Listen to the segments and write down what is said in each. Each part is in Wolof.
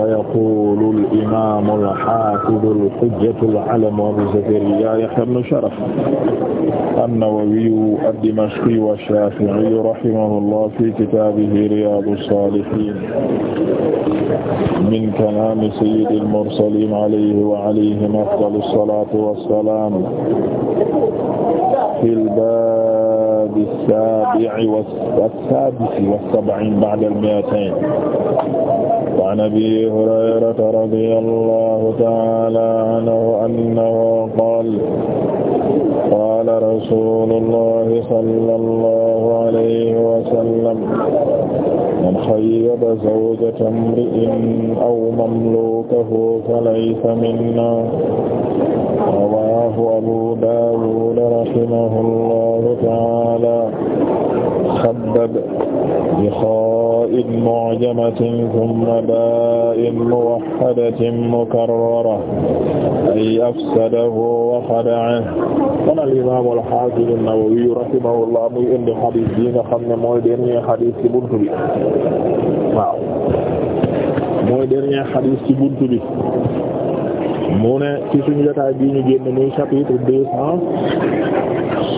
ويقول الإمام الحافظ الحجة العلم أبو زكريا يحيى بن شرف النووي الدمشقي والشافعي رحمه الله في كتابه رياض الصالحين من كلام سيد المرسلين عليه وعليهم أفضل الصلاة والسلام في الباب as-saabi'i was-saadisi was-sab'iin ba'da al-mi'atayn wa 'an Abii Hurayrata radiyallaahu ta'aalaa anhu annahu qaala qaala rasuulullaahi sallallaahu alayhi wa sallam man khayyaba zawjata imri'in aw mamluukahu falaysa minnaa rawaahu Abuu Daawuud rahimahullaahu ta'aalaa ta'ala khaddad bi khaa'in mu'jamatin thumma baa'in muwahhadatin mukarrara ay afsadahu wa khada'ahu kon al imaam al haafiz an-Nawawi rahimahullah muy indi xadis bi nga xam ne mooy dernier xadis ci buntu bi waaw mooy dernier xadis ci buntu bi mu ne ci suñu jotaay bi ñu génn muy chapitre deux cent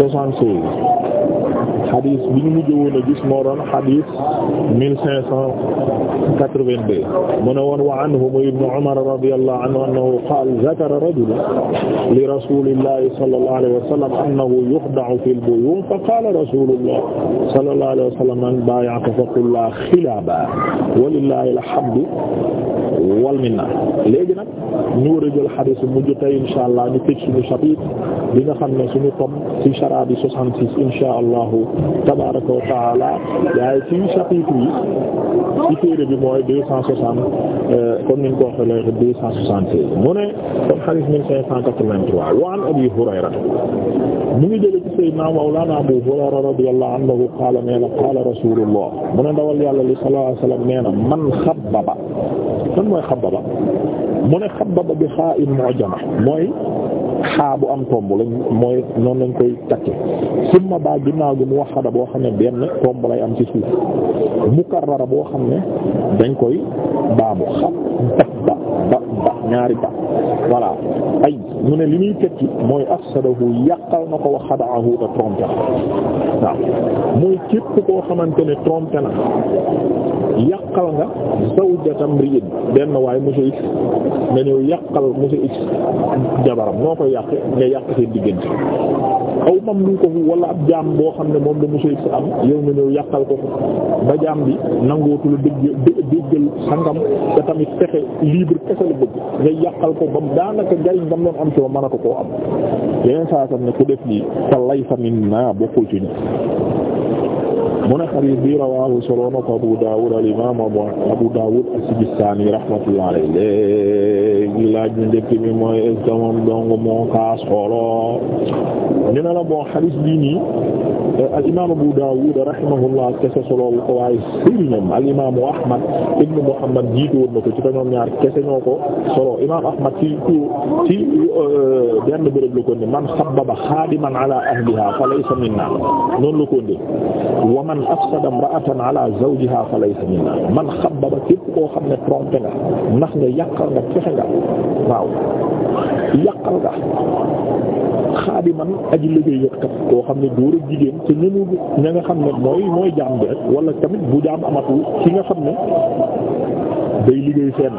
soixante-seize xadis bi ñu mujj woon a gis moo doon xadis mille cinq cent quatre-vingt-deux mu ne woon wa anhuma ibnu Umar radiyallahu anhu annahu qaala zakara rajulun li rasulillahi sallallahu alayhi wa sallam annahu yuxda'u fil buyuun fa qaala rasulullah sallallahu alayhi wa sallam man baaya'aka faqullaa xilaaban walillahi alhamdu wal minna léegi nag ñu war a jël xadis bu mujj tey insha allah ñu tëj suñu chapitre bi nga xam ne suñu tom ci shara bi soixante-six insha allah tabaraka wa taala waaye ci chapitre yi ci téere bi mooy deux euh, comme niñ ko waxee mu ne kon hadith mille an Abi Hurayra mu ngi jële ci sayyidina mawlana Abu Hurayra radiyallahu anhu qaala nee na qaala rasulullah mu ne ndawal yàlla li sallallahu alayhi wasallam nee na man xababa lan mooy xababa mu ne xababa bi xaa'in mu'jama mooy xaabu am tomb lañ mooy noonu lañ koy takke summa ba ginnaaw gi mu waxada boo xam ne benn tomb lay am ci suuf mukarrara boo xam ne dañ koy baabu xam ñaari ka voilà ay mu ne li muy tekki mooy afsadahu yàqal na ko wax xadaahu te trompé na waaw mooy képp koo xamante ne trompé na yàqal nga zawjatam riin benn waaye monsieur X nga ñëw yàqal monsieur X jabaram noo koy yàq nga yàq seen diggante aw mam lu ko wala ab jaam boo xam ne moom la monsieur X am yow nga ñëw yàqal ko ko ba jaam bi nangootu la dégg déggal sangam te tamit fexe libre kese la bëgg nga yàqal ko ba daanaka njariñ ba mu doon am ci ko mënatu koo am yeneen saa na ne ku def lii fa laysa minna bokkul ci ñu mu ne xadis bi rawaahu solo na ko Abu Dawud al imam Abu Dawud as-Sijistani rahmatullahi alayhi léegi laaj ñu njëkk mi mooy est dong moo kaas xooloo ñu la bon xadis bii al imam Abu Dawud rahimahullah kese solo ko waaye sëriñam al imam Ahmad ibn Muhammad jiitu na ko ci ko ñoom ñaar kese ñoo ko solo imam Ahmad ci ci euh, benn bërëb la ko man sabbaba xaadiman ala ahliha fa laysa minna noonu la ko waa man afsada imra'atan ala zawjiha falaysa minna man xabbaba képp koo xam ne trompé nga ndax nga yàqal nga fexe nga waaw yàqal nga xaadiman aji liggéeykat koo xam ne góor ak jigéen te ñunu ña nga xam ne mooy mooy jaam bi rek wala tamit bu jaam amatu ki nga xam ne day liggéey seen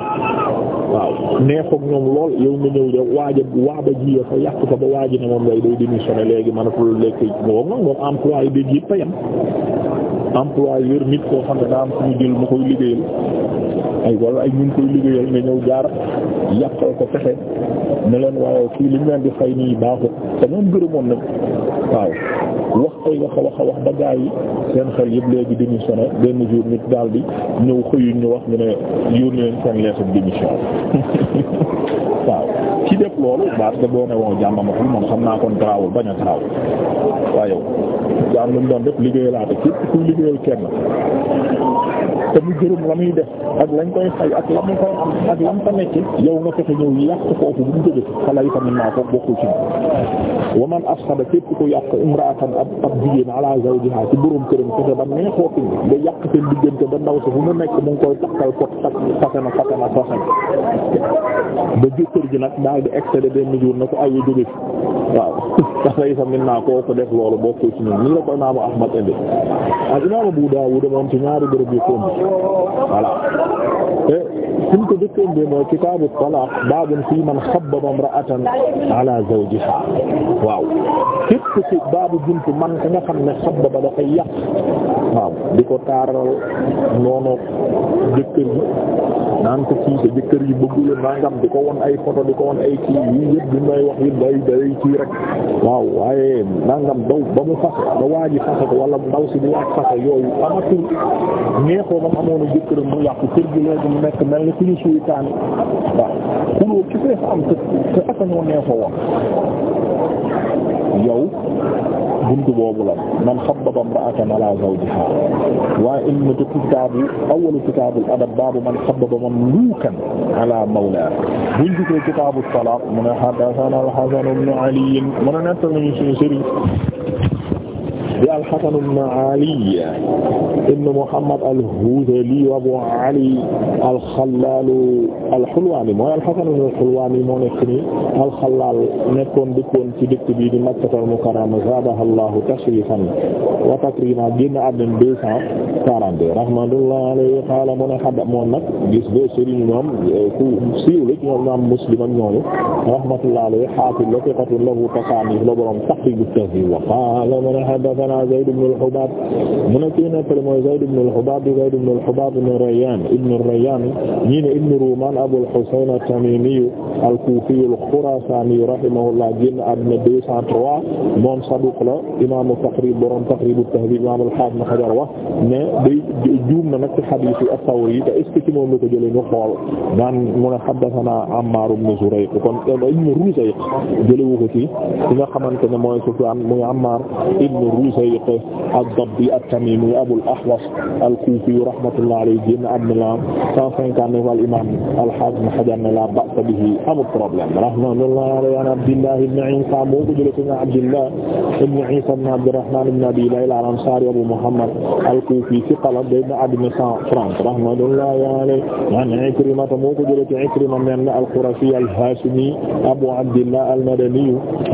waaw neexook ñoom lool yow nga ñëw de waaja waa ba ji fa yàq ko ba waaji ne moom day day démissionné léegi mënatul lekk moom nag moom employé bi yëpp a yem employeur nit koo xam ne daa am suñu jël mu koy liggéeyal ay wala ay ñu koy liggéeyal nga ñëw jaar yàqal ko fexe ne leen waaye kii li ñu leen di fay nii baaxut te moom nag waaw wax ay wax a wax a wax ba gaa yi seen xel yëpp léegi démissionné benn jour nit daal di ñëw xëyuñ ñu wax ñu ne yónni leen seen lettre de démission waaw ci def loolu parce que boo ne wow jàmm amatul moom xam naa kon garaawul bañ a garaaw waaye yow doon def liggéeyalaate képp kuy liggéeyal kenn te mu gërëm la muy def ak lañ koy fay ak la mu koy am ak lam fa nekk yow nga fexe ñëw yàq foofu bu mu jóge fa lay fa naa ko bokkul ci wa man afsada yàq imraatan ab ab jigéen ala zawjiha ci borom këram fexe ba neexoo fi nga yàq seen diggante ba ndaw sa fu mu nekk mu ngi koy takkal kot tak fasana fasana fasana ba jëkkër ji nag daal di excédé benn jour na ko ay jóge fi waaw taxay fa min naa koo ko def loolu bokkul ci ñun nii la ko imaamu Ahmad indi ak imaamu Abu Dawud moom ci ñaari bërëb yu ko voilà suñ ko dëkkoon bi mooy kitaabu talaaq baabun fii man xabbaba imra'atan waaw képp ci baabu buntu man ka nga xam ne xabbaba dafay yàq di ko taaral noonu jëkkër yi naan ko kii sa jëkkër yi bëggula di ko won ay photo di ko won ay kii yi yëpp di may wax yi day day rek waaw waaye nangam daw ba mu fase ba waaji fase ko wala ndaw si di waaj fase yooyu amatul neexoo ba mu amoon jëkkër mu yàqu kër gi léegi mu nekk mel ni ku ñu suy taani waaw xuloo kese fa am te te aka ñoo neexoo woon yow buntu boobu la man xabbaba imra'atan ala zawjiha waaye innatu kitaabu awwalu kitaabu adab baabu man xabbaba mamluukan ala mawlaa buñ jugee kitaabu talaaq mu ne haddathana al-Hasan ibn Ali mu ne nettali ñu suñu sëriñ di al-Hasan ibn Ali ibn Muhammad al-Hudhali wa Abu Ali al-Khallal al-Hulwani mooy al-Hasan al-Hulwani moo nekk ni al-Khallal nekkoon dëkkoon ci dëkk bii di Makkatal Mukarrama zaadaha Allahu tashrifan wa takriman génn àddina deux cent quarante-deux rahmatullahi alayhi qaala mu ne xadda moom nag gis nga sëriñ ñoom ku siiw la ñoom ñoom Muslim ak ñooñu rahmatullahi alayhi haafiz la thiqatun lahu tasaanif la borom Taqrib at-Tahdhib wa qaala mu ne haddathana Zayd ibn al-Hubaab mu ne kii nettali mooy Zayd ibn al-Hubaab di Zayd ibn al-Hubaab ibn Rayyan ibn Rayyan ñii ne ibn Rumaan Abul Husayn at-Tamimi al-Kufi al-Khurasani rahimahullah génn àddina 203 moom saduq la imaamu Taqrib borom Taqrib at-Tahdhib imaam al-Hafiz Ibn Hajar wax ne day juum na nag ci hadiis yi at-Tawri te est-ce que ci moom la ko jëlee ñu xool daan mu ne haddathana Ammaar ibn Zurayq kon ibn Ruzayq jëlewu ko ci ki nga xamante ne mooy Sufyaan muy Ammaar ibn Ruzayq Zayq ad-Dabbi at-Tamimi Abul Ahwas al-Kufi rahmatullahi alayhi génn am na la 159 al imam al-Hafiz Ibn Hajar ne la ba'sa bihi amul problème rahmatullahi alayhi an Abdillah ibn Isa moo ko jëlee ci Abdillah ibn Isa ibn Abdurrahman ibn Abi Layla al-Ansari Abu Muhammad al-Kufi thiqa la génn àddina 130 rahmatullahi alayhi an Ikrima moo ko jëlee ci Ikrima men al-Qurashi al-Hashimi Abu Abdillah al-Madani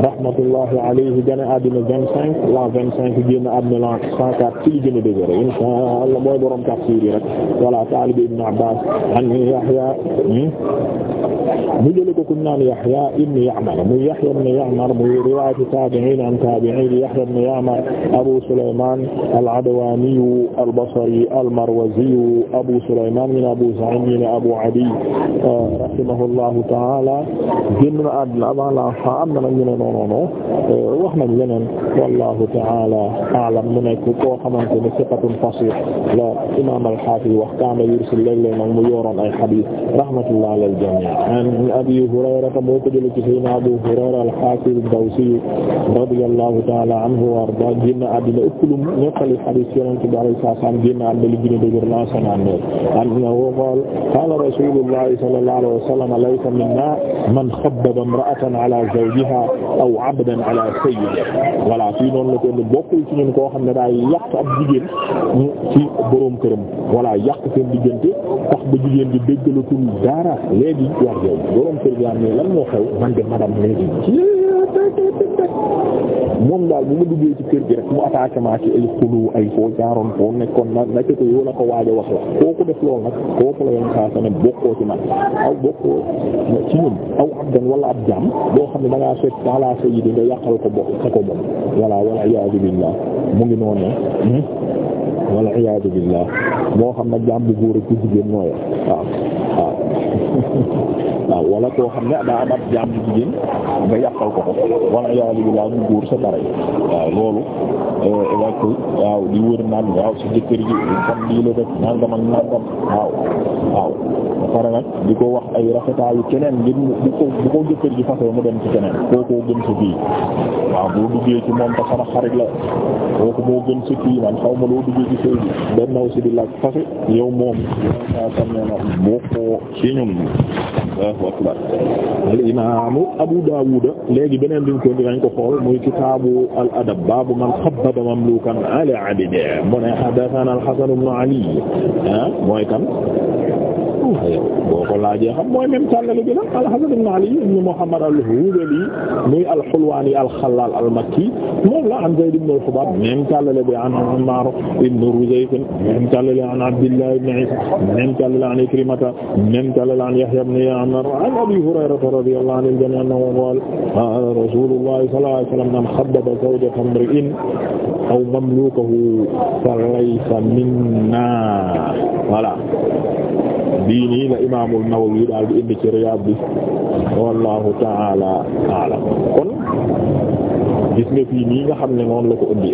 rahmatullahi alayhi génn àddina 25 la 25 ngi fi génn àdduna la 104 ci li gën a dëgër insha Allah mooy borom tafsiir yi rek voilà taalib ibn Abbaas an Yahya hmm? mu jëlee ko ku ñu naan Yahya ibn Ya'mar muy Yahya ibn Ya'mar muy riwaayatu taabi'iin an taabi'iin Yahya ibn Ya'mar Abu Sulaymaan al-Adwaani al-Basri al-Marwazi Abu Sulaymaan min Abu Sa'iid min Abu Adiy rahimahullahu ta'aala génn na àdduna avant la am na nag ñu ne non non non wax nañ leneen wallahu ta'aala xaalam mu nekk koo xamante ne siqatun fasih la imam al-Hafiz wax kaana yursil léeg-léeg nag mu yoroon ay hadith rahmatullah alal jami' an Abi Hurayrata moo ko jëlee ci Sayyidina Abu Hurayra al-Hafiz ad-Dawsi radiyallahu ta'ala anhu wa arda génn àddina ëpp lu nettali hadith Yonent bi alayhi salaam génn àddina li gën a dëgër la sanane annahu qaala qaala rasulullah sallallahu alayhi wa sallam laysa minna man khabbaba imra'atan ala zawjiha aw 'abdan ala sayyidihi wala fi noonu la ko bokk sëy ci koo xam ne daay yàq ab jigéen ñu ci boroom këram voilà yàq seen diggante tax ba jigéen di déggalatul dara léegi war yow boroom kër gi am ne lan moo xew man de madame léegi moom daal bu ma duggee ci kër gi rek mu attaqué ay xulu ay foo nekkoon na nekk ko yow la ko waaj wax la kooku def loolu nag kooku la yoon saa sa ne bokkoo ci man aw abdan wala ab jaam boo xam ne da ngaa seet ala sayyidi nga yàqal ko bokk sa ko moom voilà wala iyaadu billah mu ngi noonu hmm? wala iyaadu billah moo xam ne jaam bu góor ak jigéen ñooyee waaw waaw waaw wala koo xam ne daa amat jaam bu jigéen nga yàqal ko ko wala yaa ngi laa ñu góor sa dara waaw loolu eh, waaw waaw di wër naan waaw si jëkkër ji fan lii la waaw waaw di ko wax ay rafetaayu keneen ngir bu ko bu ko jëkkër ji fasoo mu dem ci keneen kookoo gën sa kii waaw boo duggee ci moom ta sama xarit la kooku moo gën sa kii man xaw ma loo duggee ci sëy bi benn aussi di laaj fase yow moom yow saa sam nee na allahu akbar al imaamu abu daawuda léegi beneen diñ ko dinañ ko xool muy kitaabu al adab baabu man xabbaba mamlukan ala abdi mu ne hadathana al hasan ibn ali ah mooy kan yow boo ko laajee xam mooy même tàllale bi la al hasan ibn ali ibn muhammad al hudali muy al hulwani al xallal al makki moom la an zayd ibn al hubaab même tàllale bi an umar ibn ruzayf même tàllale an abdullah ibn isa même tàllale an ikrimata même tàllale an yahya ibn ya'ma an abi hurayrata radiyallahu anhu jami annahu qaala qaala rasuulullahi sallallahu alayhi wa sallam man khabbaba zawjata imri'in aw mamluukahu falaysa minnaa voilà bii nii la Imaam an-Nawawi daal di indi ci Riyaad bi wallahu ta'ala a'lam kon gis nga fii nii nga xam ne noonu la ko indi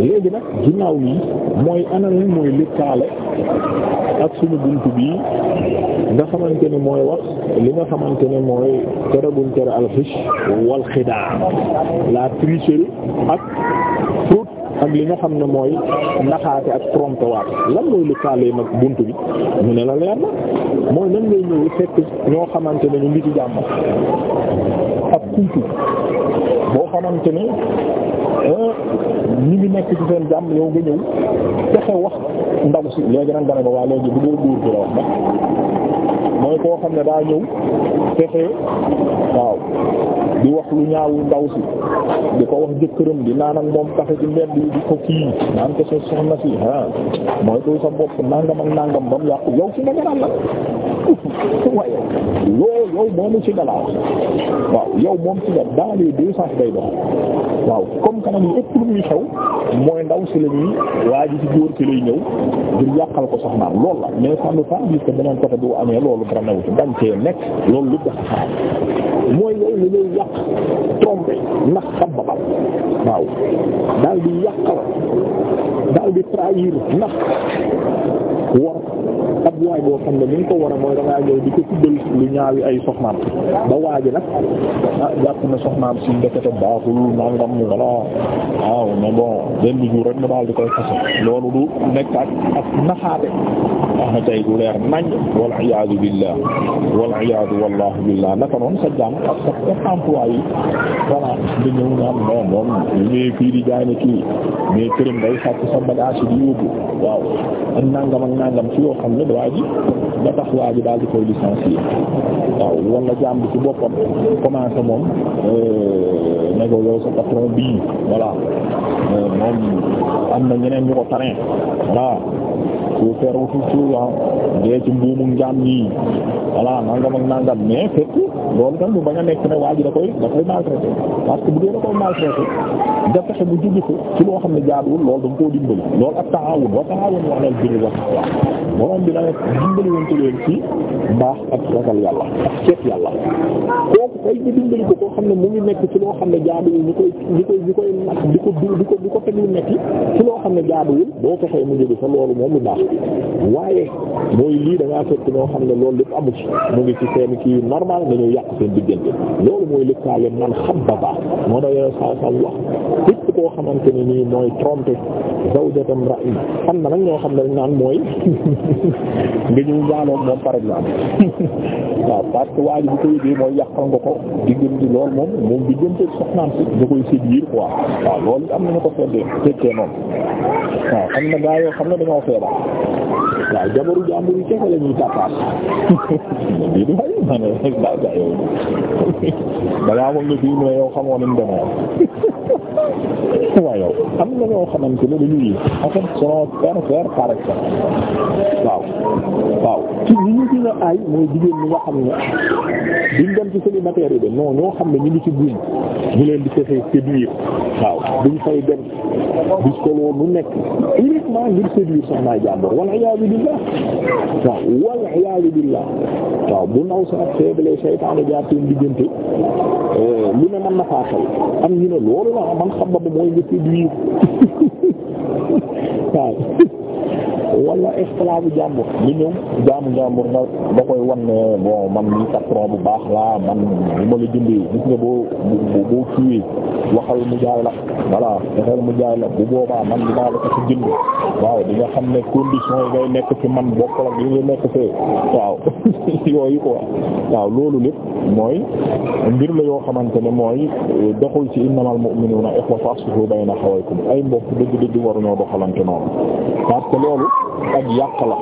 léegi nag ginnaaw lii mooy ana lan mooy lëkkaale ak suñu buntu bii nga xamante ne mooy wax li nga xamante ne mooy tere buñ tere alxish wal xidaa la ak fraude ak li nga xam ne mooy naxaate ak tromper waat lan mooy li kaale nag bunt bi mu ne la leer na mooy nan ngay ñëw fekk ñoo xamante ne ñu ngi ci jàmm ak kumtu boo xamante ne ah, ñu ngi nekk ci seen jàmm yow nga ñëw fexe wax ndaw si léegi nag dara ba waa léegi bu dee buur bi la wax mooy koo xam ne daa ñëw fexe waaw di wax lu ñaaw ndaw si di ko wax jëkkëram di naan moom café ci mbedd di ko kii naan ko sa soxna si ah mooy koy sa bopp nangam ak nangam ba yàqu yow si nga gënal la waaye yow yow moomu ci galaa waaw yow moom ci gal dans les deux sens day dox waaw comme kanam yi ëpp lu muy xew mooy ndaw si la ñuy waa ji ci góor ci lay ñëw ngir yàqal ko soxnaam loolu la mais ça ne veut pas dire beneen côté bu amee loolu dara new ci dañ nekk loolu lu dafa mooy yow li lay yàq trompé ndax xam babal waaw daal di yàqal daal di trahir ndax war waay boo xam ne ni nga a da ngaa ñëw di ko tuddal lu ñaawi ay soxnaam ba waaji nag ah na soxnaam si ndekete baaxul nangam wala waaw mais bon benn jour rek nga daal di koy fase loolu du nekk ak na naxaate wax ah, na tey du leer nañ wal iyaadu billah wal iyaadu wallahu billah naka noonu sa ak sa emploi yi voilà nga ñëw ak nangam ak nangam ci yoo xam ne waa ji ba tax waa ji daal di koy licencier waaw wala jaam bi ci boppam commencé moom euh, ne ko yow sa patron bii voilà euh, moom am na ñeneen ñu ko tane voilà pour faire autre chose ah dee ci mbuumu njaam yi voilà nangam ak nangam mais fekk loolu tam bu bañ nekk ne waa da koy da koy maltraité parce que bu dee da da bu juggu ko ci loo xam ne jaaduwul loolu da nga koo dimbali loolu ak taawun wa taawun wax na birri wa taqwa borom bi dana dimbali woon ci leen ci baax ak ragal yàlla ak seet yàlla kooku koy dimbali ko koo xam ne mu ngi jaaduwul ñu koy ñu koy ñu koy nag ko di ko di ko teg lu metti ci loo xam ne jaaduwul boo fexee mu jóge sa loolu moom lu baax waaye mooy lii da ngaa fekk xam ne loolu lépp amu ci mu ngi ci seen kii normal nga ñëw yàq seen diggante loolu mooy lëkkaale man xam moo tax yeneen saa xamante ne nii mooy tromper zawjatam ra'i xam na nag ñoo xam ne dañ naan mooy nga ñëw ñaanoon moom que waa ji bu ko yëgee mooy yàqal nga ko diggante loolu moom moom diggante sox soxnaam si da koy séddiir quoi waaw loolu am nañu ko seddee fekkee noonu waaw am na gaa yoo xam ne dañoo feebar waaw jabaru jàmbur yi kese la ñuy tàppaat lii du may ma ne gaa gaa yow balaa moom ne fii mu ne yow ni mu demee waaw am na ñoo xamante ne dañuy en fait selon faire par exemple waaw waaw ci ñi ñu gën a aay mooy jigéen ñi nga xam ne di dem ci célibataire yi de non ñoo xam ne ñu ngi ci buum ñu leen di fexe séduire waaw duñ fay dem di solo nu nekk uniquement ngir séduire soxna wal iyaadu billah wal waaw bu ndaw sa ak faible seytaane jaar seen diggante euh, lu ne mën na faa xel am ñu ne loolu la sabab mooy nga séduire waaw wala esclave jàmbur li ñëw jaamu jàmbur na da koy wan ne bon man mi patron bu baax laa man bu ma la jëndee gis nga boo boo kiiwee waxal mu jaay la voilà waxal mu jaay la bu boobaa man dinaa ci jënd waaw di nga xam ne condition yi ngay nekk ci man bokkal ak nga nekk fee waaw yooyu quoi waaw loolu lépp mooy mbir la yoo xamante ne mooy euh, doxul ci innamal mu'minuna ikhwa na aslihu bayna xawaykum ay mbokk dëgg-dëgg waruñoo doxalante noonu parce que loolu ak yàq la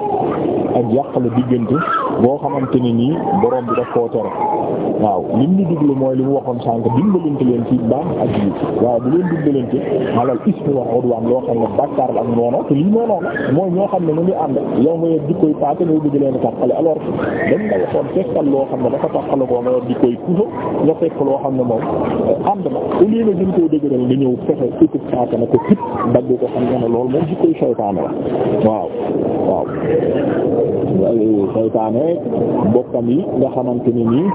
ak yàq la diggante boo xamante ne nii borom bi daf koo tere waaw lim ñu déglu mooy li mu waxoon sànq dimbalante leen ci baax ak yi waaw bu leen dimbalante alal ismi wa udwan loo xam ne bàkkaar la ak noonu te lii noonu la ñoo xam ne ñu ngi ànd yow nga yor jikkoy paase nga bëgg leen tàqale alors dañ la waxoon fekkal loo xam ne dafa tàqale ko nga yor jikkoy puso nga fekk loo xam ne moom eh, ànd na au lieu nga gën koo dëgëral nga ñëw fexe équipe paase na ko kit dagg ko ne loolu moom jikkoy saytaane la waaw mais bokkam yi nga xamante ni nii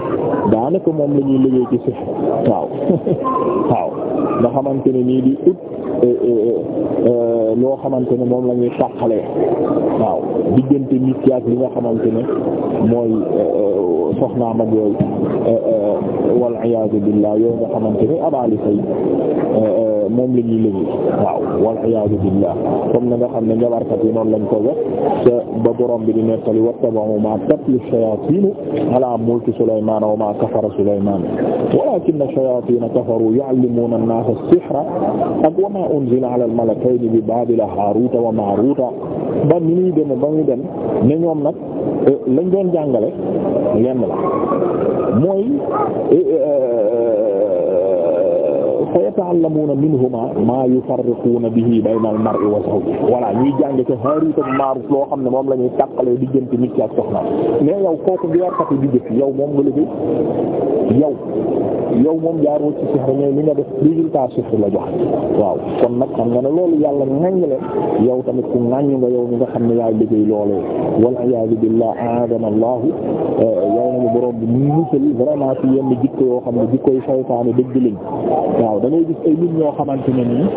daanaka moom la ñuy liggéey ci si waaw waaw nga xamante ne nii di ut e, e, e, loo xamante ne moom la ñuy tàqalee waaw diggante nit ki li nga xamante ne mooy soxnaam ak yooyu wal iyaadu billaah yooyu nga xamante ne abaali fay moom la ñuy waaw wal iyaadu billah comme na nga xam ne njabarkat yi noonu lañ ko def te ba borom bi di nettali wattaba'u maa tatlu shayaatiinu alaa mulki Sulaymaan wa maa kafara Sulaymaan walaakinna shayaatiina kafaruu yu'allimuuna an-naasa as-sihra ak wa maa unzila alal malakayni bi baabila haaruuta wa maaruuta ba ni muy demee ba muy dem ne ñoom nag eh, lañ doon jàngale lenn la mooy eh, eh, yata'allamuuna minhumaa maa yufarriquuna bihi bayna al-mar'i wa zawjihi voilà ñuy jàng ci Haaruut ak Maaruut loo xam ne moom la ñuy tàqalee diggante nit ki ak soxna mais yow kooku di warkatu di jëf yow moom nga liggéey yow yow moom jaaroo ci sihr li nga def résultat sihr la jox waaw kon nag xam nga ne loolu yàlla ŋaññ leen yow tamit ku ŋaññ nga yow mi nga xam ne yaay liggéey loolee wal iyaadu billaah aadana allahu eh, yow nañu borom bi musal vraiment ci yenn jikko yoo xam ne jikko yu saytaane dëgg lañ waaw gis ay xamante ne nii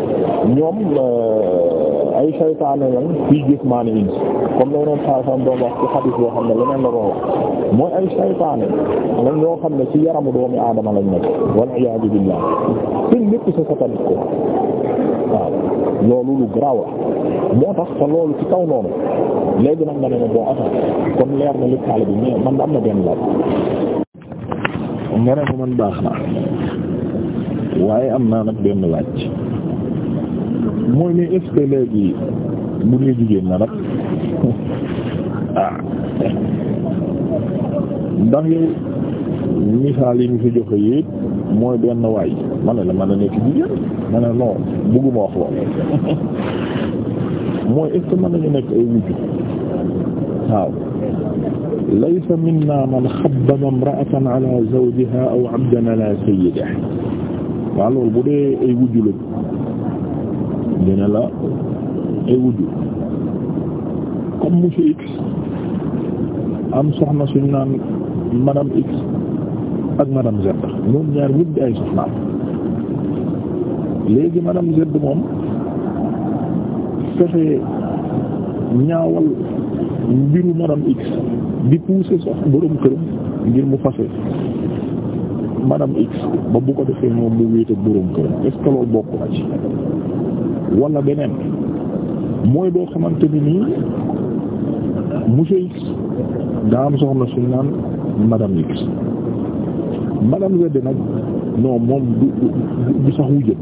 ñoom euh, ay saytaane lañ fii gis maani ins comme la yeneen saa san doon wax ci xadis boo xam ne leneen la doon wax mooy ay saytaane lañ ñoo xam ne ci yaramu doomi aadama lañ nekk wal iyaadu billah seen lépp sa satanit loolu lu garaaw la moo tax te loolu ci kaw noonu léegi nag nga ne ne boo attaque kon leer na li taal bi man am na benn laaj nga ne ko man baax na waaye am naa nag benn laaj mooy ne est-ce bu dee jigéen la nag ah ndax misaal yi ñu fi joxe yépp mooy benn waay ma ne la mën a nekk jigéen ma wax lool mooy est-ce que mën nañu nekk ay minna man xabbama imra'atan ala zawjiha aw abdan ala sayyidihi waaw loolu bu dee ay wujju lañ dina la ay wujju comme monsieur X am soxna suñu naan madame X ak madame Z ñoom ñaar ñëpp di ay soxnaam léegi madame Z moom fexe ñaawal mbiru madame X di pousser sox borom këram ngir mu fase madame X ba bu ko defee moom mu wéete boroom këram est-ce que loolu bokk na ci wala beneen mooy boo xamante ni nii monsieur X daa am soxna suñu naan madame X madame Z nag non moom du du sax wu jëm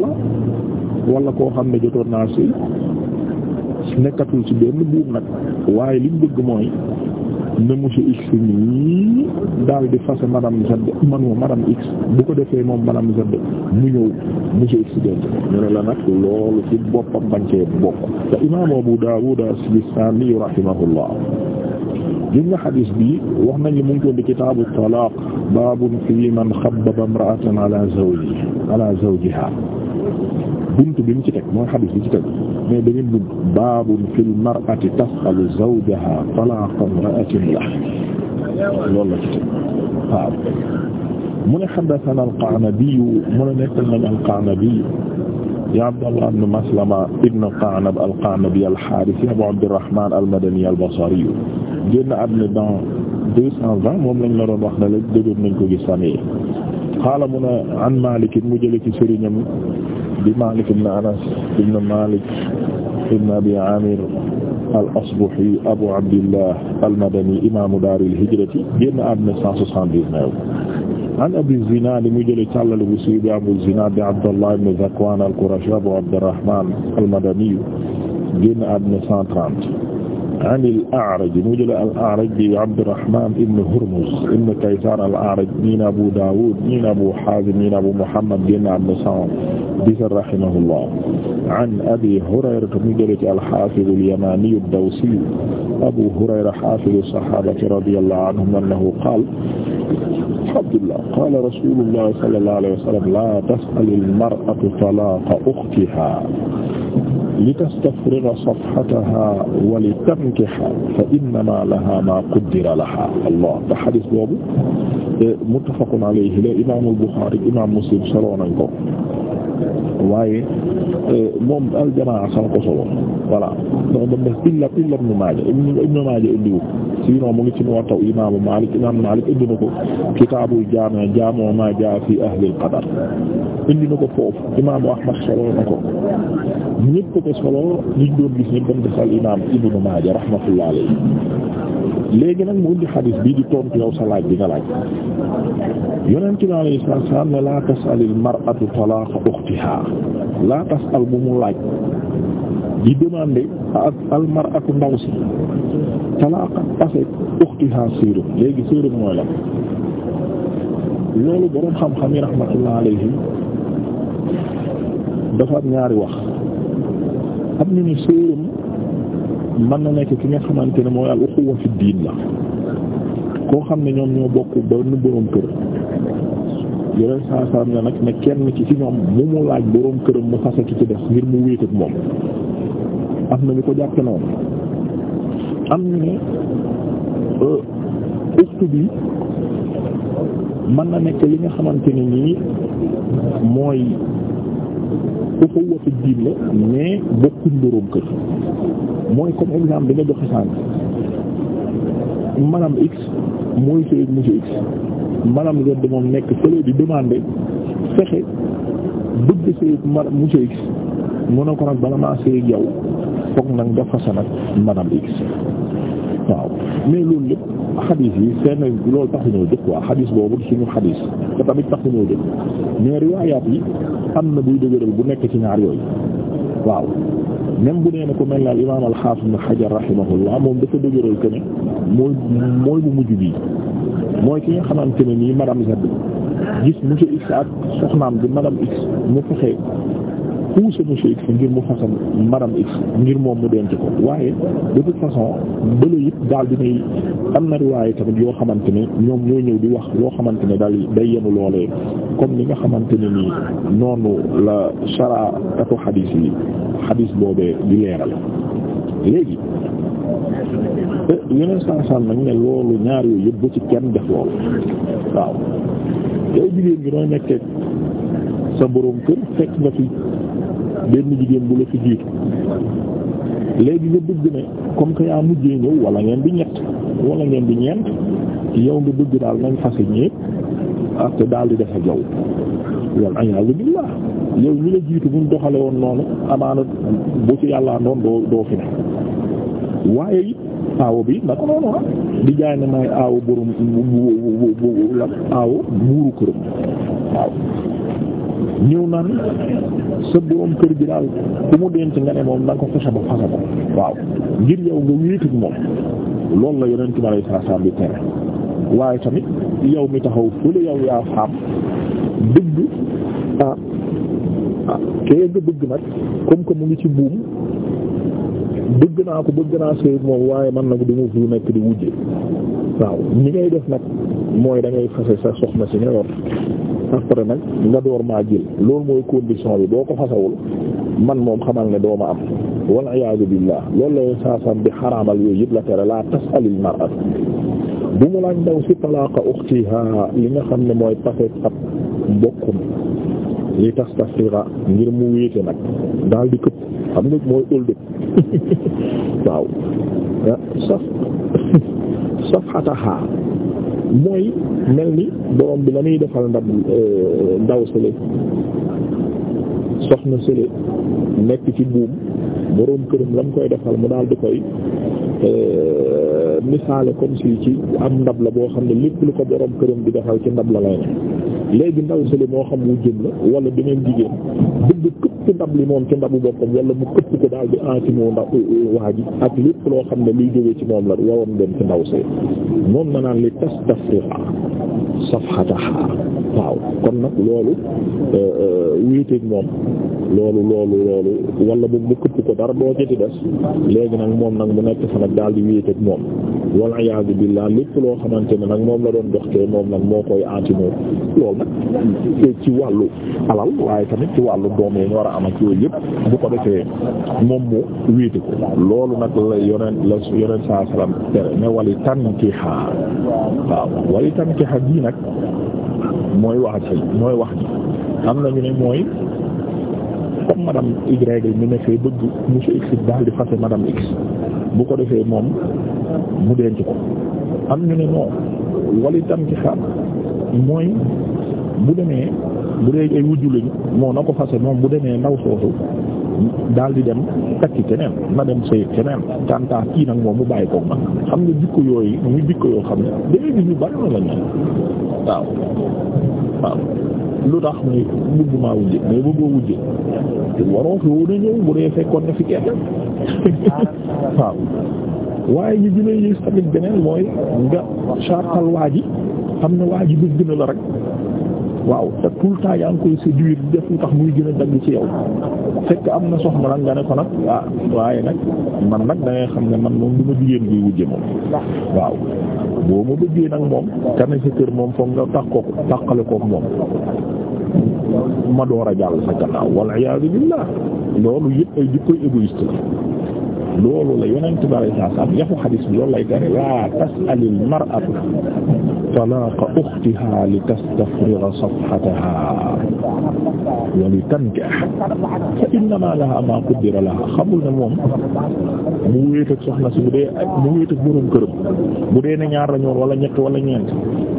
la wala koo xam ne jotoon naa si nekkatul ci benn buum nag waaye li bëgg mooy. ne monsieur X nii daal di fase madame Z manu madame X bu ko defee moom madame Z mu ñëw monsieur X denc ñu ne la nag loolu ci boppam bañ cee bokk te imaamu Abu Daawud as-Sijistaani rahimahullah gis nga xadis bi wax nañ li mu ngi ko di kitaabu talaaq baabun fii man xabbaba imra'atan ala zawji ala zawjiha bunt bi mu ci teg mooy xadis bi ci teg mais dañu dugg baabun fil mar'ati tas'alu zawjaha talaqa imra'atin la loolu la ci teg waaw mu ne haddathana al-Qa'nabi mu ne nekkal nañ al-Qa'nabi ya Abdallah ibn Maslama ibn Qa'nab al-Qa'nabi al-Harisi Abu Abdirrahman al-Madani al-Basri génn àddina dans deux cent vingt moom lañ la doon wax ne la déggoon nañ ko gis fan yii qaala mu ne an Maalik mu jële ci sëriñam di Maalik ibn Anas ibn Maalik Salih ibn Abi Amir al-Asbahi Abu Abdillah al-Madani imaamu daaril hijrati génn àddina 179 an Abi Zinad mu jëlee càllale bu siiw bi Abu Zinad di Abdallah ibn Zakwan al-Qurashi Abu Abdurrahman al-Madani génn àddina 130 an al-A'raj mu jële al-A'raj di Abdurrahman ibn Hurmuz ibn Kaysar al-A'raj ñii na Abu Dawud ñii na Abu Hazim ñii na Abu Muhammad génn àdduna cent dix-sept rahimahullah an Abi Hurayra mu jële ci al-Hafiz al-Yamani ad-Dawsi Abu Hurayra hafiz as-sahaba radiyallahu anhum annahu qala Abdullah qala rasulullah sallallahu alayhi wa sallam la tas'al al-mar'atu talaqa ukhtiha li tastafriga safhataha wa li tankiha fa innama laha ma quddira laha allah te xadis boobu muttafaqun alayhi la imaamul Buxaari imaam Muslim soloo nañ ko waaye moom aljamaa sax ko solo voilà donc ba mu des illa illa Ibnu Maaja Ibnu Maaja indiwu sinon mu ngi ci Muwatta imaamu Maalik imaam Maalik indi na ko kitaabul jaami' jaamu maa fi ahlil qadar indi na ko foofu imaamu Ahmad solo na ko ñépp ko solo liñ doon gis ñépp doon defal imaam Ibnu Maaja rahmatullah alayhi léegi nag mu indi xadiis bii di tontu yow sa laaj bi nga laaj yonent bi alayhi salaatu salaam ne laa tas'alil mar'atu talaaqa uxtihaa laa tas'al bu mu laaj di demander al mar'atu ndaw si talaaqa ase uxtiha séeréer léegi séeréer mooy la loolu boroom xam-xam yi rahmatullah dafa am ñaari wax am ñu ne séeréer mën na nekk ki nga xamante ne mooy al uxuwa fi diin la koo xam ne ñoom ñoo bokk ba nu boroom kër yore saa saa ne nag ne kenn ci ci ñoom mu mu laaj boroom këram mu fase ki ci def ngir mu wéet ak moom am na ñu ko jàppe noonu am ñu ne uxtu bi mën na nekk li nga xamante ni nii mooy uxuwa fi diin la mais bokkuñ boroom kër mooy comme exemple bi nga joxe sànq maanaam x mooy sëy mu x maanaam Z moom nekk fële di demande fexe bëgg sëy maanaam monsieur x mun na ko nag bala maa sëy yow foog nag nga fasa nag maanaam x waaw mais loolu lépp xadis yi seen loolu tax ñoo jëkk waa xadis boobu suñu xadis te tamit tax ñoo jëkk mais riwaayaat yi am na buy dëgëral bu nekk ci ñaar yooyu waaw même bu nee ne ko mel na al imaam al xaafis ibn Hajar rahimahullah moom dafa dëgëral que ne mooy mooy bu mujj bii mooy ki nga xamante ne nii madame Z gis monsieur X ak soxnaam bi madame X mu fexe pousser monsieur X ngir mu fasal madame X ngir moom mu denc ko waaye de toute façon bële it daal di nay am na riwaaye tamit yoo xamante ne ñoom ñoo ñëw di wax loo xamante ne daal day yenu loole comme li nga xamante ne nii noonu la shara katu xadiis yi xadiis boobee di leeral léegi yeneen saasaan nag ne loolu ñaar yooyu yëpp bu ci kenn def loolu waaw yow jigéen gi nooy nekkee sa boroom kër fekk nga fi benn jigéen bu la fi jiitu léegi nga bëgg ne comme que yaa mujjee ñëw wala ngeen bi ñett wala ngeen di ñeent yow nga dugg daal nañ fase ñépp après daal di def ak yow wal ayaazu billah yow ñu la jiitu buñ doxale woon noonu amaana bu ci yàllaa doon doo doo fi ne waaye it aawo bi naka noonu ah di jaay na may aawo borom bu bu bu bu la aawo muuru këram waaw ñëw naan sa borom kër gi daal ku mu denc nga ne moom na ko fexe ba fase ko waaw ngir yow nga wéetak moom loolu la yonent bi alayhi salaam bi tere waaye tamit yow mi taxaw fële yow yaa xam dëgg ah kee ah, nga bëgg nag comme que mu ngi ci buum bëgg naa ko bëgg naa sëy moom waaye man nag du ma fi nekk di wujje waaw ñu ngay def nag mooy da ngay fase sa soxna si nga yor après nag nga door maa jël loolu mooy condition bi boo ko fasawul man moom xamal ne doo ma am wal iyaadu billah loolu la saa bi xaraamal yooyu yëpp la tere la tasalil mar'at bu mu laaj ndaw si talaaka uxtiha li nga xam ne mooy pase ab mbokkum li tastafira ngir mu wéete nag daal di këpp xam nga mooy ëldëg waaw ah, saf safxataha mooy mel ni borom bi la muy defal ndab euh, ndaw sële soxna sële nekk ci buum boroom këram la koy defal mu daal di koy euh, misaale comme si ci am ndab la boo xam ne lépp lu ko borom këram di defal ci ndab la lay ne léegi ndaw sële moo xam wu jëm la wala beneen jigéen bëgg këpp ndab li moom ci ndabu boppam wala mu këpp ko daal di entimoo ndaw euh, euh, waa ji ak lépp loo xam ne luy jógee ci moom la waroon dem ci ndaw see moom na naan li tas tafriqa safhataha waaw kon nag loolu euh, euh, wéeteeg moom loolu loolu loolu wala boog mu këpp ko dara doo ci des léegi nag moom nag mu nekk fa nag daal di wéeteeg moom wal iyaadu billaah lépp loo xamante ne nag moom la doon dox kee moom nag moo koy antinoo loolu nag ci wàllu alal waaye tamit ci wàllu doom yi ñu war a am ak yooyu yëpp bu ko defee moom mu wéete loolu nag la yoneen la yoneen saa salaam tere ne wali tankiha waaw wali tankiha bii nag mooy wax ji mooy wax ji am nañu ne mooy comme madame Y ñu ne fee bëgg monsieur X daal di fase madame X bu ko defee moom mu denc ko am ñu ne non wala itam ci xam mooy bu demee bu dee ay wujju lañu moo na ko fase moom bu demee ndaw soosu daal di dem takki keneen ma dem sëy keneen kantaa kii nag moom mu bàyyi ko man xam nga jikko yooyu muy jikko yoo xam ne dangay ñu bari na lañ waaw waaw lu tax muy bëgguma wujje mais bëggoo wujje waroo fi woon a ñëw bu dee fekkoon na fi kenn waaw waaye ñu gën a yées beneen mooy nga sartal waa ji xam ne waa ji bëgg na la rek waaw te tout le temps yaa ngi koy séduire def lu tax muy gën a dagg ci yow fekk am na soxna nag nga ne ko nag ah, waaye nag man nag da xam ne man moom du ma jigéen buy wujje moom waaw boo ma bëggee nag moom kana sa kër moom foog nga tax ko taxale kook moom ma door a jàll sa gannaaw wal iyaadu loolu yëpp ay jikkoy égoïste la loolu la yonent bi sallallahu yaxu xadiis loolu lay tere laa tas'alil mar'atu talaaqa uxtihaa li tastafriga safhatahaa wa li tankih fa innamaa lahaa maa quddira lahaa xamul ne moom mu wéet ak soxna si bu dee mu wéet ak boroom këram bu dee ne ñaar la ñu wala ñett wala ñeent.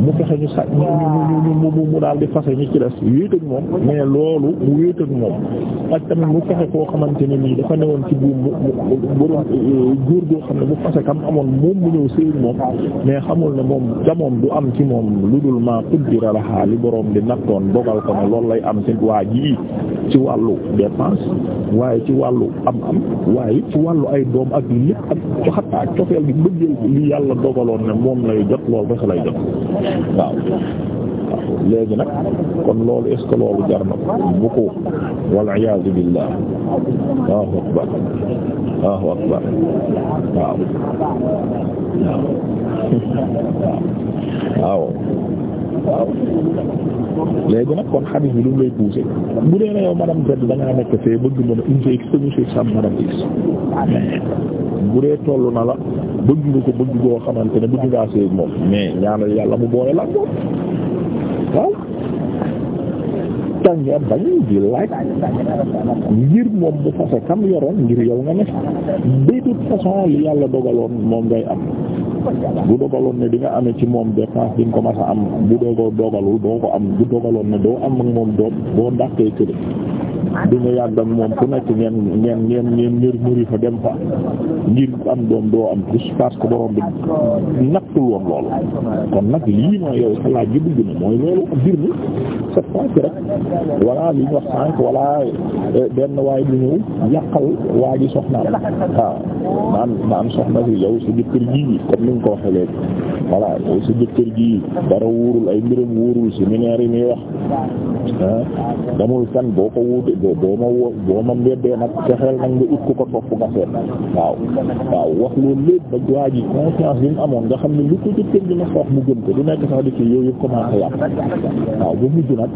mu fexe ñu sa ñu ñu ñu mu daal di fase ñu ci des wéet ak moom mais loolu mu wéet ak moom ak tamit mu fexe koo xamante ne nii dafa newoon ci buum mu mu góor xam ne bu fase kam amoon moom mu ñëw sëy moom mais xamul ne moom jamoom du am ci moom lu dul maa qaddara lahaa li boroom di nattoon dogal ko ne loolu lay am ci waa ji ci wàllu dépense waaye ci wàllu am-am waaye ci wàllu ay doom ak lépp ak coxataa cofeel bi bëggeel li yàlla dogaloon ne moom lay jot loolu rek lay jot waaw waaw léegi nag kon loolu est ce que loolu jar na bu ko wal iyaazu billah Allahu akbar Allahu akbar waaw waaw waaw waaw léegi nag kon xadis bi lu lay poussé bu dee na yow madame Z da nekk fee bëgg mën a monsieur X monsieur Sam madame X bu dee tollu na la bëgg nga ko bëgg goo xamante ne bëgg ngaa seeg moom mais ñaanal yàlla mu boole la moom waaw tan nga bañ di laaj ngir moom bu fase kam yoroon ngir yow nga ne de toute façon li yàlla dogaloon moom ngay am bu dogaloon na di nga amee ci moom dépense di nga ko mas a am bu doo ko dogalul doo ko am du dogaloon na doo am ak moom doo boo ndaxtee kële du ñu yàgg ak moom ku nekk ngeen ngeen ngeen ngeen ñër ñëri fa dem fa ngir am doom doo am plus parce que bi nattul woon loolu kon nag lii mooy yow sa laaj na mooy loolu mbir mi c'est pas rek voilà li wax sànq voilà euh, benn waay bu ñëw yàqal waa ji soxnaam waaw naan naan soxna si yow sa jëkkër ji comme ni nga ko waxee léegi voilà yow sa jëkkër ji dara wóorul ay mbiram wóorul séminaire yi muy wax damul kan boo ko wuute boo boo ma woo boo ma weddee nag fexeel nag nga ut ku ko topp nga seet waaw waaw wax loolu lépp ba ji confiance bi mu amoon nga xam ne lu ko jëkkër gi ma wax mu gën ko du nekk sax di ci yooyu yëpp commencé yàq waaw ba mujj nag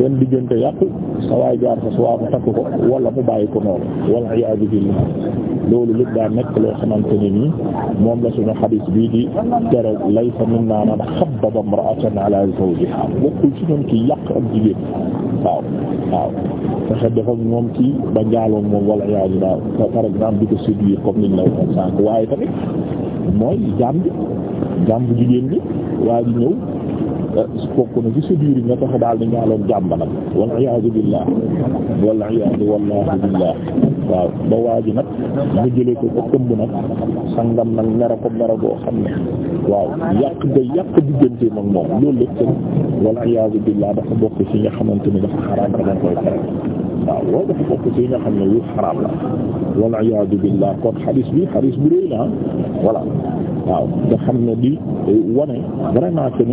seen diggante yàqu sa waay jaar sa suwaa mu takk ko wala mu bàyyi ko noonu wala loolu lépp daa nekk loo xamante ne nii moom la suñu xadiis bii di tere laysa minna man xabbaba imra'atan ala zawjiha bokkul ci ñoom ki yàq ak jigéen waaw waaw fexe dafa moom kii ba njaaloon moom wala iyaazu billah par exemple di ko séduire comme niñ la waxoon sànq waaye tamit mooy jaam bi jaam bu jigéen bi waa ji ñëw bokk na ci sa biir yi nga tax daal di ñaaloon jàmba nag wal iyaazu billah wal iyaazu wallaahi billah waaw ba waa ji nag mu jëlee ko ko ëmb nag sangam nag mer ko mer boo xam ne waaw yàq ga yàq diggante mag moom loolu lépp wal iyaazu billah dafa bokk ci nga xamante ni dafa xaraam dañ koy tere waaw loolu dafa bokk ci nga xam ne yu xaraam la wal iyaadu billah kon bi xadis bu waaw nga xam ne di wone vraiment que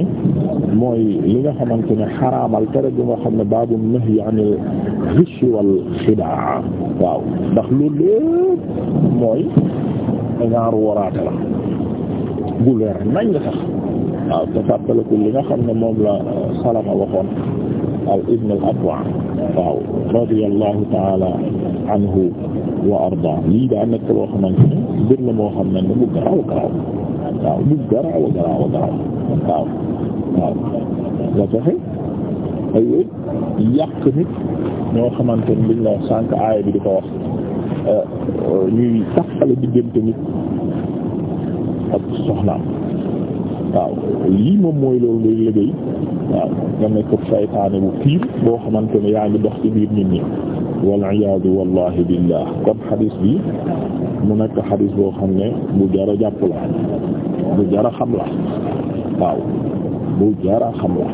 mooy li nga xamante ne xaraamal tere bi nga xam ne baabu nahyi anil ghish wal xidaa waaw ndax loolu lépp mooy ñaaru waraate la bu leer nañ la sax waaw te fàttaliku li nga xam ne moom la Salama waxoon al ibn al Akwa waaw radiyallahu taala anhu wa arda lii daa nekk loo xamante ne mbir moo xam ne ne bu garaaw garaaw waaw bu garaaw garaaw garaaw waaw waaw nga fexe ay yàq bi ñoo xamante ne liñ la wax sànq aaya bi di ko wax euh, ñuy tàqale diggante waaw lii moom mooy loolu ngay liggéey waaw nga nekk saytaane bu piir boo xamante ne yaa ngi dox ci biir nit ñi wal iyaadu wallahi billah kon xadis bi mu nekk xadis boo xam ne bu jara jàpp la bu jara xam la waaw bu jara xam la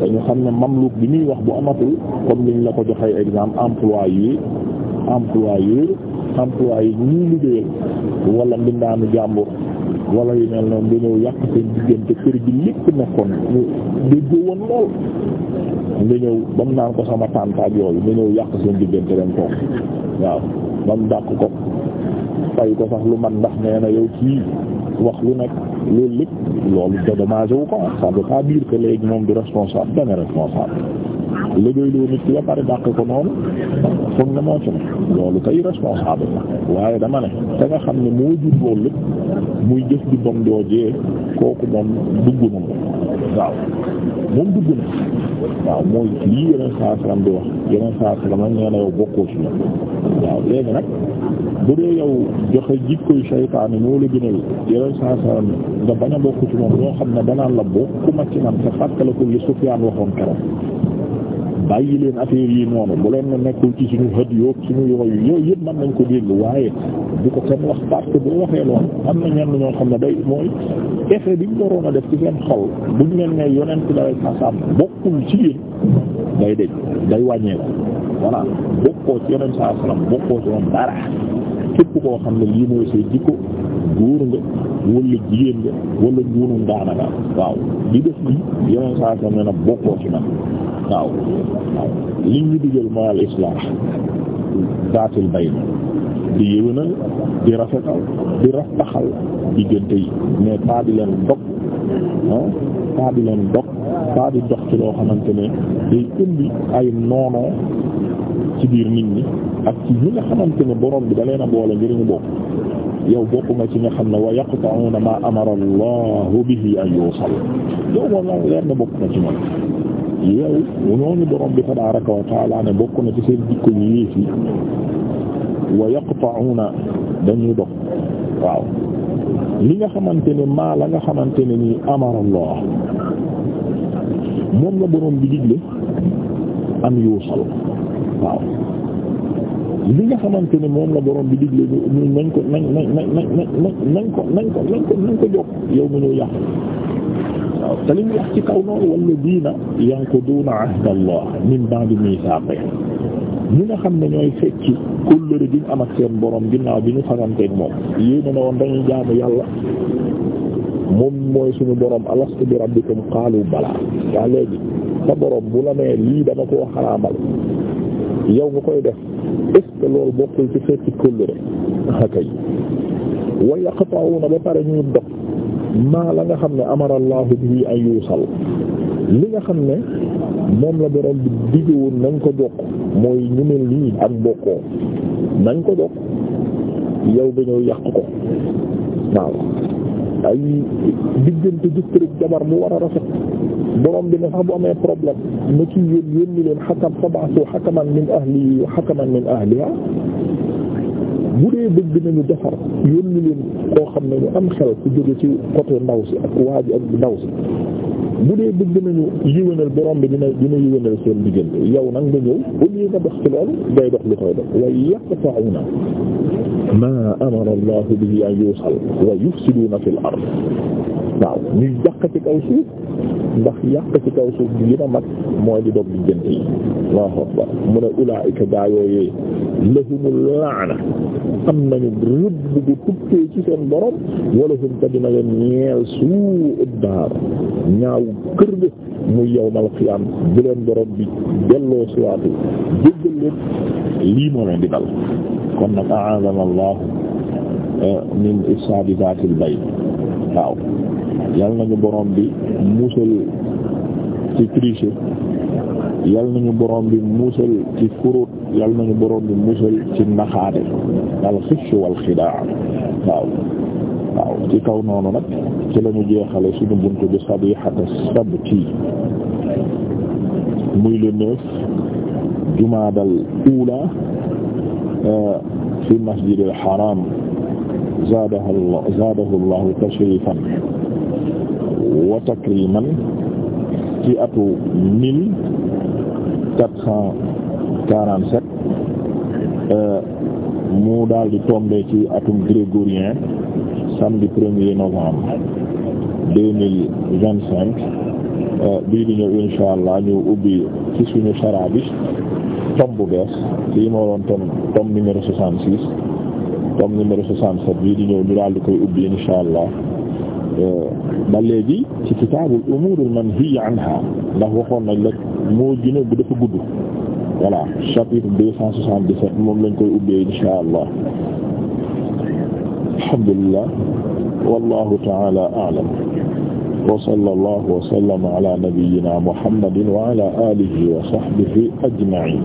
dañu xam ne mamluk bi muy wax bu amatul comme la ko joxee exemple employé employeur employé ñuy liggéeyal wala mbindaanu jàmbur wala yu mel noonu dañoo yàq seen diggante kër gi lépp nekkoon ñu déggoo woon lool nga ñëw ba mu naan ko sama tàntaaj yooyu nga ñëw yàq seen diggante leen toog waaw ba mu dàq ko fay ko sax lu man ndax nee na yow kii wax lu nekk loolu lépp loolu dédommage wu ko ça veut pas dire que léegi moom du responsable dana responsable liggéey loo nit ki ba pare dàq ko noonu foog ne moo ci ne loolu kay responsable la waaye dama ne te nga xam ne moo jur loolu lépp muy jëf di bon joojee kooku moom dugg na moom waaw moom dugg na waaw mooy lii yeneen saa salaam di wax yeneen saa salaam nag nee waaw léegi nag bu dee yow joxe jikkoy saytaane moo la gënal yeneen saa salaam nga bañ a ci moom ñoo xam ne danaan la bokkuma ci man sa fàttaliku li Sufyaan waxoon keroog. bàyyi leen affaire yii noonu bu leen ne nekkul ci suñu xët yoog suñu yooyu yooyu yëpp mën nañ ko dégg waaye di ko kenn wax parce boo waxee lool am na ñenn ñoo xam ne day mooy effet bi ñu waroon a def ci seen xol buñ leen ne yonent la lay saasaam bokkul ci yéen day dëj day wàññeeku voilà bokkoo ci yonent saa salaam bokkoo ci dara képp koo xam ne lii mooy say jikko góor nga wala jigéen nga wala nguuru ndaana nga waaw di def lii yeneen saa sa ne na bokkoo ci man waaw waaw li digal mooy al daatil bay di yëwénal di rafetal di raftaxal diggante yi mais pas di leen dog ah pas di leen dog xamante ne day indi ay noonoo ci biir nit ñi ak ci ñi nga xamante ne borom bi dalee na boole ngir ñu bokk yow bokk nga ci nga xam ne wa yaqta'una ma amara Allahu bihi an yusal yow moom la leer na bokk na ci ñoom yow ñooñu borom bi tabaaraka wa ta'aala ne bokk na ci seen jikko yées yi wa yaqta'una dañuy dox waaw li nga xamante ne maa la nga xamante ne nii amara moom la boroom bi digle an yusal waaw. li nga xamante ne moom la boroom bi digle ñu nañ ko nañ nañ nañ ko nañ ko nañ ko nañ ko mu ñëw yàq waaw te li ñu wax ci kaw noonu wala diina yanquduuna ahdallah min ba'di miisaaqi ñi nga xam ne ñooy fekki kóllëre gi ñu am ak seen borom ginnaaw bi ñu xamanteeg moom yéena ne woon dañuy jaamu yàlla moom mooy suñu boroom alastu bi rabbikum qaalu balaa waa léegi sa borom bu la nee lii dama koo xaraamal yow nga koy def est-ce que loolu bokkul ci xeeti kóllëre ba pare ñuy dog maa la nga xam ne amara Allahu bihi an yuusal li nga xam ne moom la borom bi digg woon nañ ko jokk mooy ñu mel nii ak bokkoo nañ ko jokk yow dañoo yàq ko waaw ay diggante jëkkër ak jabar mu war a rafet borom bi ne sax bu amee problème na ci yéen yónni leen xakam fabaasu xakaman min ahli xakaman min ahliha bu dee bëgg nañu defar yónni leen koo xam ne ñu am xel ku jóge ci côté ndaw si ak waa ji ak ndaw si bu dee bëgg nañu yiwénal borom bi dina dina yiwénal seen diggante yow nag nga ñëw au lieu nga dox ci dox lu koy dox waaye yàq faaw na maa amara allahu bihi an yuusal wa yufsiduuna fil ard waaw ñuy yàq ci kaw suuf ndax yàq ci kaw suuf bi gën a mag mooy di dog diggante yi allahu akbar mu ne ulaa'ika gaa yooyee lahumul la'na am nañu rëbb bu tukkee ci seen borom wala hum te dina leen ñeel suu daar ñaaw kër ga muy yawmal qiyaam bu leen borom bi delloo siwaatu jéggal leen lii moo leen di dal kon nag a'aadana Allah e, min ifsaadi zaatil bayt yal nañu borom bi musal ci triche yal nañu borom bi musal ci furut yal nañu borom bi musal ci naxaate al xifsh wal waaw ci kaw noonu nag ci lañu jeexale suñu buntu bi sabihata sabti muy le neuf jumaadal ula fi masjid al haram zaadahu allah zaadahu allah tashrifan wa takriman ci atu mille quatre cent quarante-sept mu daal di tombé ci atum grégorien samedi premier novembre deux mille euh, ñëw insha allah ñu ubbi ci suñu sara bi bees lii moo doon tome numéro 66 tome numéro 67 bii di ñëw ñu daal di koy ubbi insha allah euh, ba léegi ci kitaabul umuuril manhiyyi anhaa ndax waxoon nañ la moo gëna bu dafa gudd voilà chapitre 277 moom lañ koy ubbee insha allah alhamdulillah wallahu ta'ala a'lam wa sallallahu wa sallama ala nabiyyina muhammadin wa ala alihi wa sahbihi ajma'in